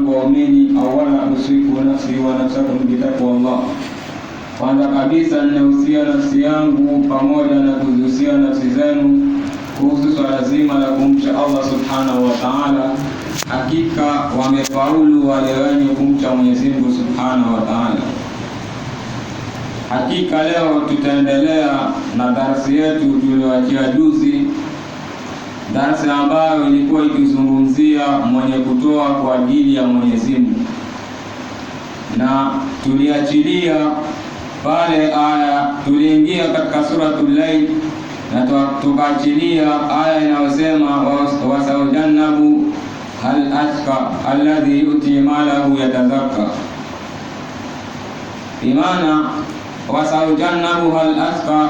wangu waumini, usiku nafsi wa nafsakum bitakwa Allah. Kwanza kabisa ninahusia nafsi yangu pamoja na kuzihusia nafsi zenu kuhusu swala zima la kumcha Allah subhanahu wa ta'ala. Hakika wamefaulu wale wenye kumcha Mwenyezi Mungu subhanahu wa ta'ala. Hakika leo tutaendelea na darsi yetu tuliyoachia juzi, darsi ambayo ilikuwa ikizungumzia tunazungumzia mwenye kutoa kwa ajili ya Mwenyezi Mungu, na tuliachilia pale aya, tuliingia katika Suratul Lail na tukaachilia aya inayosema wasaujannabu hal atqa alladhi yuti malahu yatazakka, imana wasaujannabu hal atqa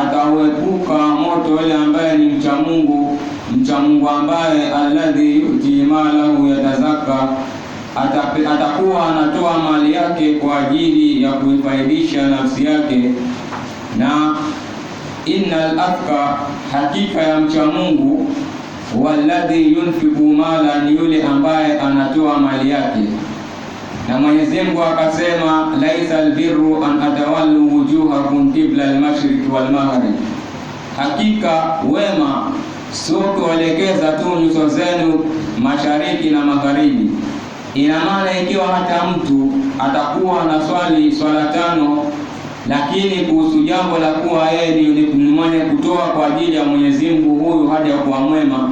atauepuka moto yule ambaye ni mcha Mungu, mcha Mungu ambaye alladhi yuti malahu yatazaka, atakuwa anatoa mali yake kwa ajili ya kuifaidisha nafsi yake. Na innal afka, hakika ya mcha Mungu, walladhi yunfiku mala, ni yule ambaye anatoa mali yake na Mwenyezi Mungu akasema, laisa albirru an atawallu wujuhakum qibla almashriq walmaghrib, hakika wema sio kuelekeza tu nyuso zenu mashariki na magharibi. Ina maana ikiwa hata mtu atakuwa na swali swala tano, lakini kuhusu jambo la kuwa yeye ni mwenye kutoa kwa ajili ya Mwenyezi Mungu, huyu haja kuwa mwema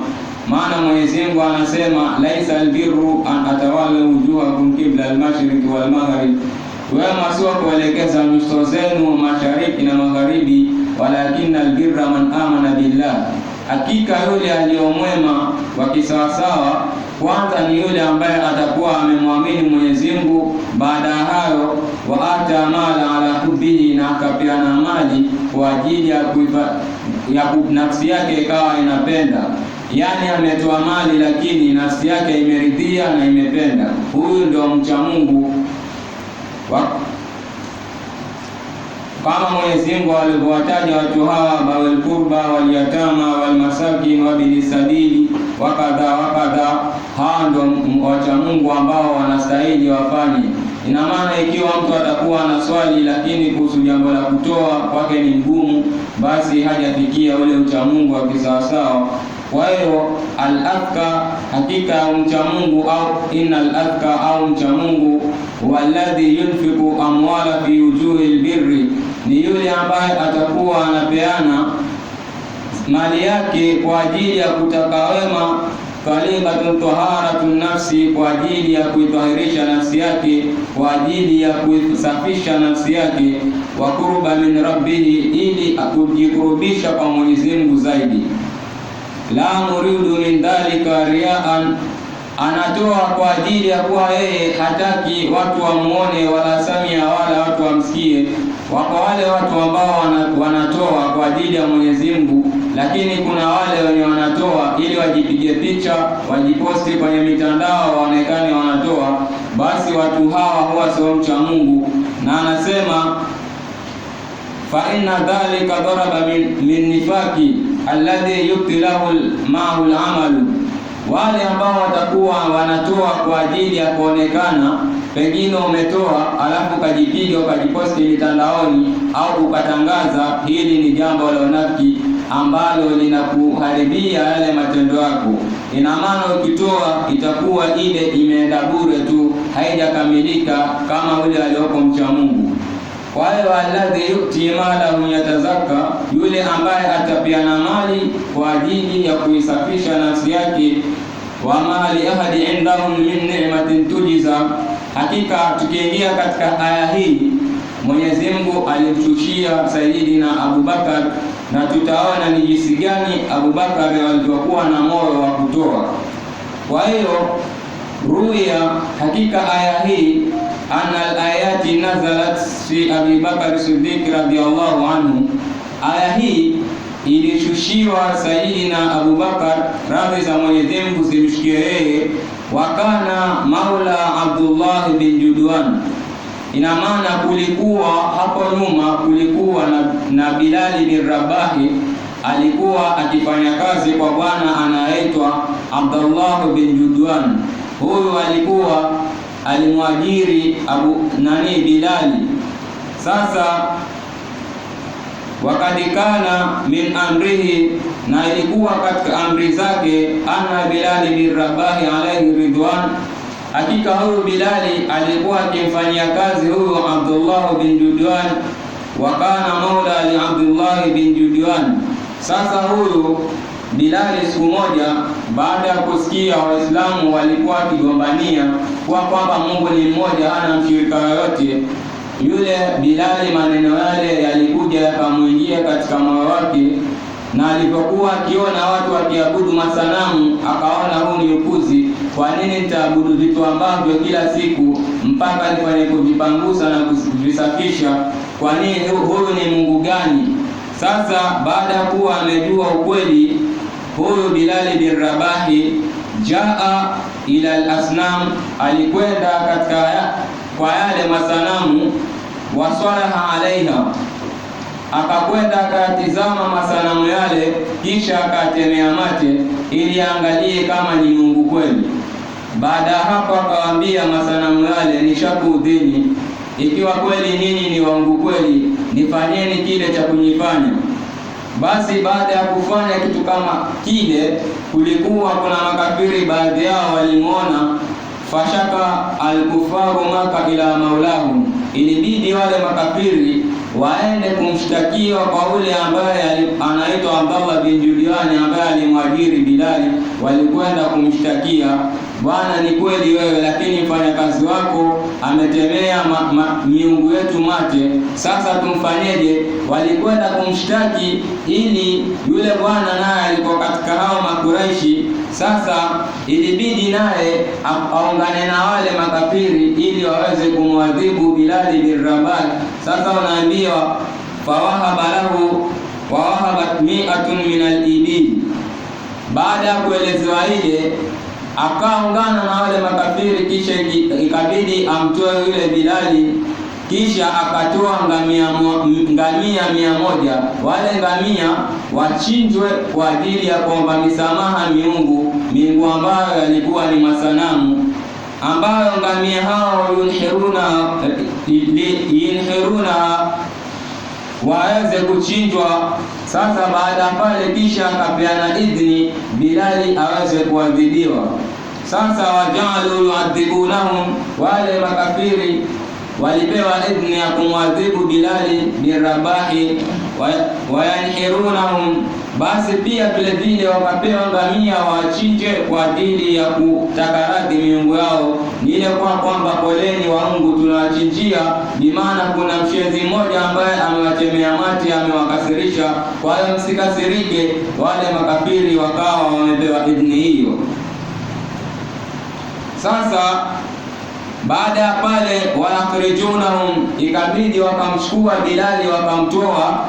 maana Mwenyezi Mungu anasema laisa albirru an atawalla wujuhakum qibla almashriqi walmaghrib, wema sio kuelekeza nyuso zenu mashariki na magharibi, walakina albirra man amana billah, hakika yule aliyomwema wa kisawasawa kwanza ni yule ambaye atakuwa amemwamini Mwenyezi Mungu, baada ya hayo waata mala ala kubihi na akapeana mali kwa ajili ya, ya nafsi yake ikawa inapenda yaani ametoa mali lakini nafsi yake imeridhia na imependa. Huyu ndio mcha Mungu kama Mwenyezi Mungu alivyowataja watu hawa, bawel kurba walyatama walmasakin wabini sabili wakadha wakadha. Hawa ndio wacha Mungu ambao wanastahili wafanye. Ina maana ikiwa mtu atakuwa na swali lakini kuhusu jambo la kutoa kwake ni ngumu, basi hajafikia ule ucha Mungu wa kisawasawa kwa hiyo al hakika mcha Mungu au innal atqa au mcha Mungu, walladhi yunfiku amwala fi wujuhi albirri, ni yule ambaye atakuwa anapeana mali yake kwa ajili ya kutaka wema kalima taharatu nafsi, kwa ajili ya kuitahirisha nafsi yake, kwa ajili ya kuisafisha nafsi yake. Wa qurba min rabbihi, ili kujikurubisha kwa Mwenyezi Mungu zaidi la muridu min dhalika riaan, anatoa kwa ajili ya kuwa yeye hataki watu wamuone wala samia wala watu wamsikie. Wako wale watu ambao wanatoa kwa ajili ya Mwenyezi Mungu, lakini kuna wale wenye wanatoa ili wajipige picha, wajiposti kwenye mitandao, waonekane wanatoa. Basi watu hawa huwa sio mcha Mungu, na anasema fa inna dhalika daraba min nifaki alladhi yubtilahu mahu alamalu, wale ambao watakuwa wanatoa kwa ajili ya kuonekana. Pengine umetoa alafu ukajipiga ukajiposti mitandaoni au ukatangaza. Hili ni jambo la unafiki ambalo linakuharibia yale matendo yako. Ina maana ukitoa itakuwa ile imeenda bure tu, haijakamilika kama ule aliyoko mcha Mungu hiyo alladhi yuti malahu yatazaka, yule ambaye atapeana mali kwa ajili ya kuisafisha nafsi yake. Wa mali ahadi indahum min ni'matin tujiza, hakika tukiingia katika aya hii Mwenyezi Mungu alimshushia Sayyidina Abubakar, na tutaona ni jinsi gani Bakar alivyokuwa na moyo wa kutoa. Kwa hiyo ruya, hakika aya hii anna alayati nazalat fi Abi Bakari Siddiq radhiyallahu anhu, aya hii ilishushiwa na Abu Bakar, radhi za Mwenyezi Mungu zimshikie yeye. Wakana maula Abdullah bin Judwan, ina maana kulikuwa hapo nyuma kulikuwa na, na Bilali bin Rabahi alikuwa akifanya kazi kwa bwana anaitwa Abdullah bin Judwan. Huyu alikuwa alimwajiri Abu nani Bilali. Sasa wakad kana min amrihi, na ilikuwa katika amri zake, ana Bilali bin Rabahi alayhi ridwan, hakika huyu Bilali alikuwa akimfanyia kazi huyu Abdullah bin Judwan, wa kana maula li Abdullah bin Judwan. Sasa huyu Bilali siku moja baada ya kusikia Waislamu walikuwa wakigombania kuwa kwamba Mungu ni mmoja, hana mshirika yoyote. Yule Bilali, maneno yale yalikuja yakamwingia katika moyo wake, na alipokuwa akiona watu wakiabudu masanamu, akaona huu ni upuzi. Kwa nini nitaabudu vitu ambavyo kila siku mpaka nifanye kuvipangusa na kuvisafisha? Kwa nini? Huyu ni Mungu gani? Sasa baada ya kuwa amejua ukweli huyu Bilali bin Rabahi jaa ila al-asnam, alikwenda katika kwa yale masanamu, waswalaha alaiha, akakwenda akatizama masanamu yale, kisha akatemea mate ili angalie kama ni Mungu kweli. Baada ya hapo akawaambia masanamu yale, nishakuudhini, ikiwa kweli nini ni waungu kweli, nifanyeni kile cha kunifanya basi baada ya kufanya kitu kama kile, kulikuwa kuna makafiri baadhi yao walimwona, fashaka alkufaru maka ila maulahum, ilibidi wale makafiri waende kumshtakiwa kwa ule ambaye anaitwa Abdallah bin Juliani ambaye alimwajiri Bilali, walikwenda kumshtakia Bwana ni kweli wewe, lakini mfanyakazi wako ametemea miungu yetu mate, sasa tumfanyeje? Walikwenda kumshtaki ili yule bwana naye alikuwa katika hao Makuraishi. Sasa ilibidi naye aungane na wale makafiri ili waweze kumwadhibu Bilali bin Rabah. Sasa unaambiwa fawahaba lahu wawahabat miatun min al-ibil. Baada ya kuelezewa ile akaungana na wale makafiri, kisha ikabidi amtoe yule Bilali, kisha akatoa ngamia ngamia mia moja. Wale ngamia wachinjwe kwa ajili ya kuomba misamaha miungu miungu ambayo yalikuwa ni masanamu ambayo ngamia hao yunhirunaha eh, waweze kuchinjwa sasa baada ya pale, kisha akapeana idhini Bilali aweze kuadhibiwa. Sasa wajalu yuadhibunahum, wale makafiri walipewa idhni ya kumwadhibu Bilali bin Rabahi wayanhirunahum, basi pia vilevile wakapewa ngamia wachinje kwa ajili ya kutaka radhi miungu yao, ni ile kwa kwamba poleni waungu tunawachinjia. Ni maana kuna mshenzi mmoja ambaye amewatemea mati amewakasirisha. Kwa hiyo msikasirike, wale makafiri wakawa wamepewa idhni hiyo. Sasa baada ya pale, wayakhrijunahum, ikabidi wakamchukua Bilali wakamtoa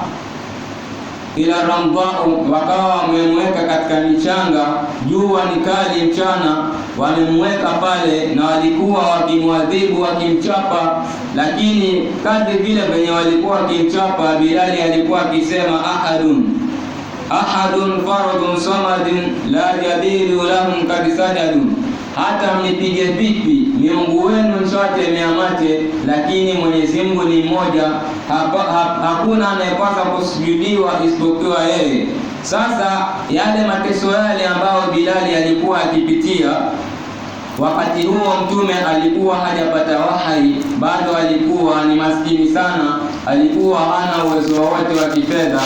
ila ramdhau wakawa wamemweka katika michanga, jua ni kali mchana, wamemweka pale na walikuwa wakimwadhibu wakimchapa, lakini kadri vile venye walikuwa wakimchapa, Bilali alikuwa akisema ahadun ahadun faradun samadin la yadilu lahum kad sajadun hata mnipige vipi miungu wenu nsote miamate, lakini Mwenyezi Mungu ni mmoja, hakuna anayepaswa kusujudiwa isipokuwa yeye. Sasa yale mateso yale ambayo Bilali alikuwa akipitia wakati huo, mtume alikuwa hajapata wahai bado, alikuwa ni maskini sana, alikuwa hana uwezo wowote wa kifedha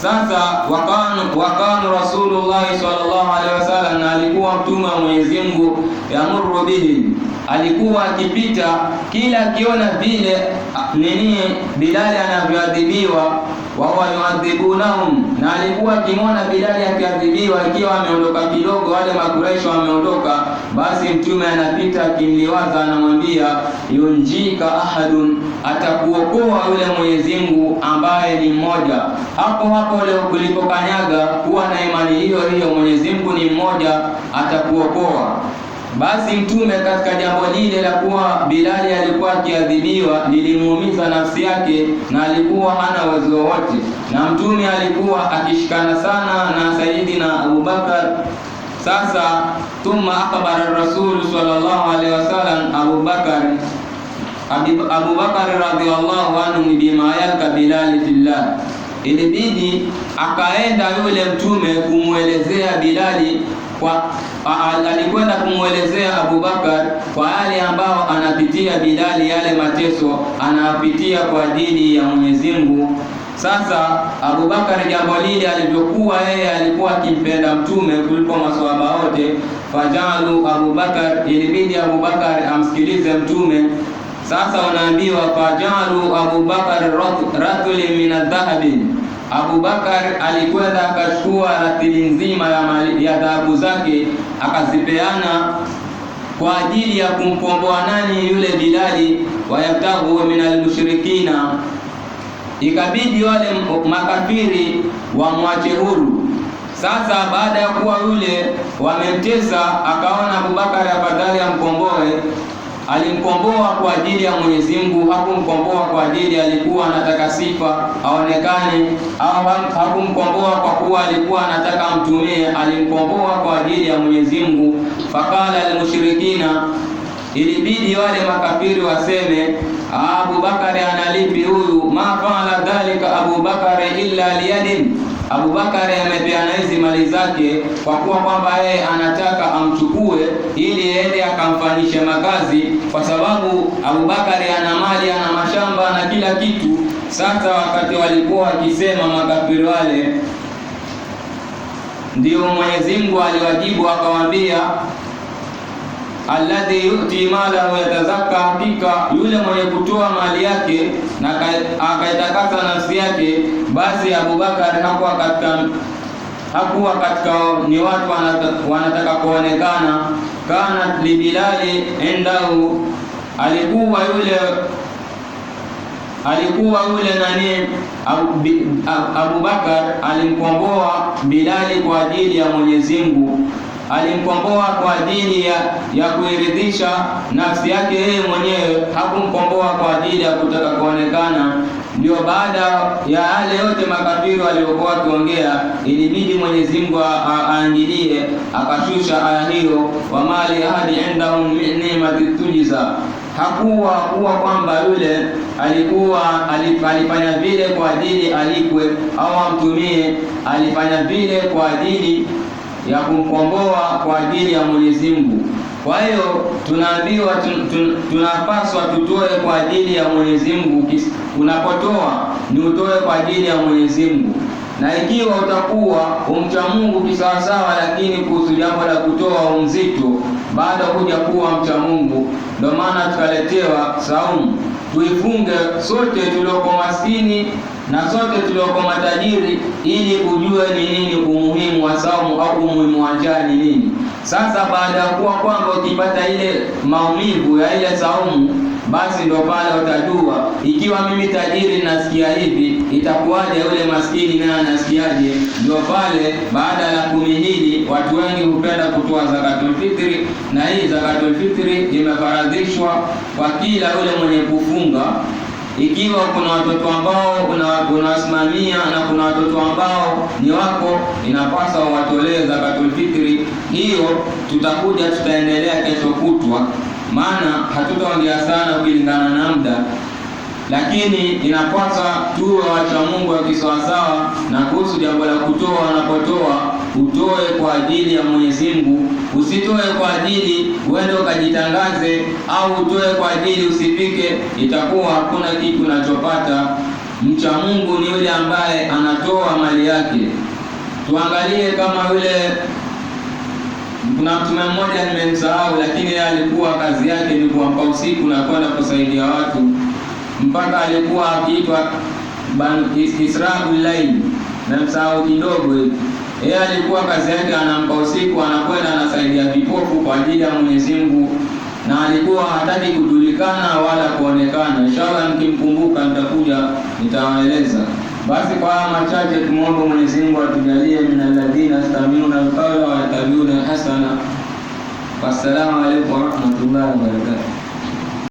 sasa wakanu wakanu Rasulullah sallallahu alaihi wasallam, na alikuwa mtume wa Mwenyezi Mungu yamuru bihim, alikuwa akipita kila akiona vile nini Bilali anavyoadhibiwa wahuwa yuadhibunahum, na alikuwa akimwona Bilali akiadhibiwa akiwa ameondoka kidogo, wale Makuraishi wameondoka. Basi Mtume anapita akimliwaza, anamwambia yunjika ahadun, atakuokoa yule Mwenyezi Mungu ambaye ni mmoja. Hapo hapo leo kulipokanyaga, kuwa na imani hiyo hiyo, Mwenyezi Mungu ni mmoja, atakuokoa. Basi Mtume katika jambo lile la kuwa Bilali alikuwa akiadhibiwa lilimuumiza nafsi yake, na alikuwa hana uwezo wowote, na Mtume alikuwa akishikana sana na Saidina Abubakar. Sasa thumma akhbara Rasulu sallallahu alaihi wasallam Abubakar Abubakar radhiallahu anhu bima yalka Bilali fillah ilibidi akaenda yule mtume kumwelezea Bilali kwa alikwenda kumwelezea Abubakar kwa yale ambao anapitia Bilali, yale mateso anapitia kwa ajili ya Mwenyezi Mungu. Sasa Abubakar, jambo lile alivyokuwa yeye alikuwa akimpenda mtume kuliko maswahaba wote, fajalu Abubakar, ilibidi Abubakar amsikilize mtume sasa wanaambiwa Abu Bakar ratuli min adhahabi, Bakar alikwenda akachukua ratili nzima ya dhahabu zake akazipeana kwa ajili ya kumkomboa nani? Yule Bilali. Wayabtaghu min almushrikina, ikabidi wale makafiri wamwache huru. Sasa baada ya kuwa yule wamemtesa, akaona abubakari afadhali amkomboe alimkomboa kwa ajili ya Mwenyezi Mungu, hakumkomboa kwa ajili alikuwa anataka sifa aonekane, au hakumkomboa kwa kuwa alikuwa anataka mtumie, alimkomboa kwa ajili ya Mwenyezi Mungu. Fakala almushrikina, ilibidi wale makafiri waseme Abubakari analipi huyu? Ma faala dhalika Abubakari illa liyadin Abubakari amepeana hizi mali zake kwa kuwa kwamba yeye anataka amchukue ili aende akamfanyishe makazi, kwa sababu Abubakari ana mali, ana mashamba na kila kitu. Sasa wakati walikuwa wakisema makafiri wale, ndio Mwenyezi Mungu aliwajibu akawaambia alladhi yuti malahu yatazakka, hakika yule mwenye kutoa mali yake na akaitakasa nafsi yake, basi Abubakar hakuwa katika hakuwa katika ni watu wanataka kuonekana. Kana libilali endahu, alikuwa yule alikuwa yule nani Abubakar alimkomboa Bilali kwa ajili ya Mwenyezi Mungu alimkomboa kwa ajili ya, ya kuiridhisha nafsi yake yeye mwenyewe, hakumkomboa kwa ajili ya kutaka kuonekana. Ndio baada ya yale yote makafiri waliokuwa wakiongea, ilibidi Mwenyezi Mungu aangilie, akashusha aya hiyo, wa mali indahum min nimati tujiza hakuwa kuwa kwamba yule alikuwa alifanya vile kwa ajili alikwe au amtumie, alifanya vile kwa ajili ya kumkomboa kwa ajili ya Mwenyezi Mungu. Kwa hiyo tunaambiwa tun, tun, tunapaswa tutoe kwa ajili ya Mwenyezi Mungu. Unapotoa ni utoe kwa ajili ya Mwenyezi Mungu, na ikiwa utakuwa umcha Mungu kisawasawa, lakini kuhusu jambo la kutoa umzito baada ya kuja kuwa mcha Mungu, ndio maana tukaletewa saumu tuifunge sote tulioko maskini na sote tuliokuwa matajiri, ili kujua ni nini umuhimu wa saumu au umuhimu wa njaa ni nini. Sasa baada ya kuwa kwamba ukipata ile maumivu ya ile saumu basi ndo pale utajua ikiwa mimi tajiri nasikia hivi, itakuwaje yule maskini naye anasikiaje? Ndio pale baada ya kumi hili, watu wengi hupenda kutoa zakatul fitri, na hii zakatul fitri imefaradhishwa kwa kila yule mwenye kufunga ikiwa kuna watoto ambao unawasimamia na kuna watoto ambao ni wako, inapaswa watolee zakatul fitri. Hiyo tutakuja tutaendelea kesho kutwa, maana hatutaongea sana kulingana na muda lakini inapaswa tuwe wacha Mungu wakisawasawa. Na kuhusu jambo la kutoa, wanapotoa utoe kwa ajili ya Mwenyezi Mungu Usitoe kwa ajili uende ukajitangaze, au utoe kwa ajili usipike, itakuwa hakuna kitu unachopata. Mcha Mungu ni yule ambaye anatoa mali yake. Tuangalie kama yule kuna mtume mmoja nimemsahau, lakini yeye alikuwa kazi yake ni kuamka usiku na kwenda kusaidia watu, mpaka alikuwa akiitwa Israfil Lail, na msahau kidogo hivi yeye alikuwa kazi yake, anampa usiku, anakwenda anasaidia vipofu kwa ajili ya Mwenyezi Mungu, na alikuwa hataki kujulikana wala kuonekana. Inshallah, mkimkumbuka nitakuja nitawaeleza. Basi kwa haya machache, tumwombe Mwenyezi Mungu atujalie minaladhina yastamiuna alqawla wa yatabiuna hasana. Wassalamu alaykum wa barakatuh.